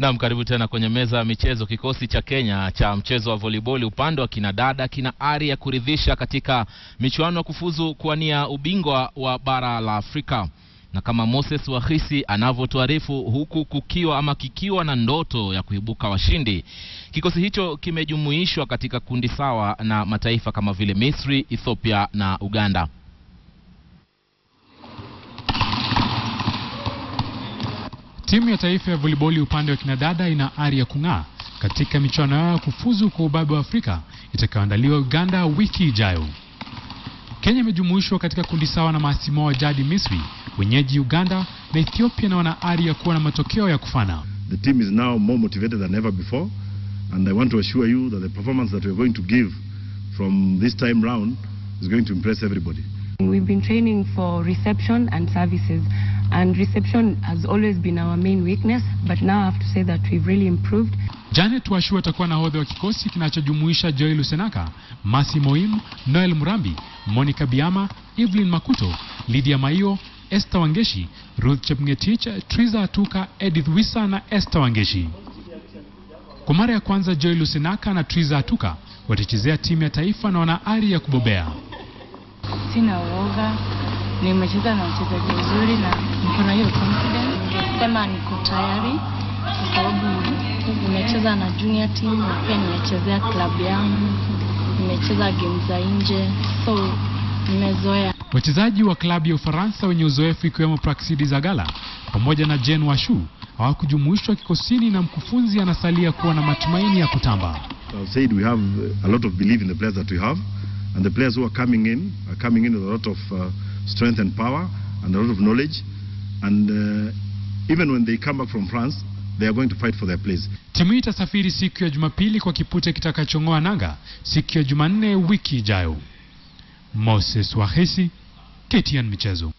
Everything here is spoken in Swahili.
Naam, karibu tena kwenye meza ya michezo. Kikosi cha Kenya cha mchezo wa voliboli upande wa kinadada kina ari ya kuridhisha katika michuano ya kufuzu kuwania ubingwa wa bara la Afrika, na kama Moses Wahisi anavyotuarifu, huku kukiwa ama kikiwa na ndoto ya kuibuka washindi. Kikosi hicho kimejumuishwa katika kundi sawa na mataifa kama vile Misri, Ethiopia na Uganda. Timu ya taifa ya voliboli upande wa kinadada ina ari ya kung'aa katika michuano yao ya kufuzu kwa ubabe wa Afrika itakayoandaliwa Uganda wiki ijayo. Kenya imejumuishwa katika kundi sawa na maasimu wa jadi Misri, wenyeji Uganda na Ethiopia, na wana ari ya kuwa na matokeo ya kufana. The team is now more motivated than ever before and I want to assure you that the performance that we are going to give from this time round is going to impress everybody. We've been training for reception and services And reception has always been our main weakness, but now I have to say that we've really improved. Janet Washu atakuwa nahodha wa kikosi kinachojumuisha Joel Lusenaka, Masi Moim, Noel Murambi, Monica Biama, Evelyn Makuto, Lydia Maio, Esther Wangeshi, Ruth Chepngetich, Triza Atuka, Edith Wisa na Esther Wangeshi. Kwa mara ya kwanza Joel Lusenaka na Triza Atuka watachezea timu ya taifa na wana ari ya kubobea. Sina uoga, nimecheza na mchezaji mzuri na na hiyo confidence sema niko tayari, kwa sababu nimecheza na junior team na pia nimechezea klabu yangu, nimecheza game za nje, so nimezoea. Wachezaji wa klabu ya Ufaransa wenye uzoefu ikiwemo Praxidi Zagala pamoja na Jen Washu hawakujumuishwa kikosini, na mkufunzi anasalia kuwa na matumaini ya kutamba. said we we have have a a lot lot of of belief in in in the the players players that and and who are are coming coming with uh, strength power and a lot of knowledge and uh, even when they come back from France they are going to fight for their place. Timu itasafiri siku ya Jumapili kwa kipute kitakachong'oa nanga siku ya Jumanne wiki ijayo. Moses Wahesi, KTN Michezo.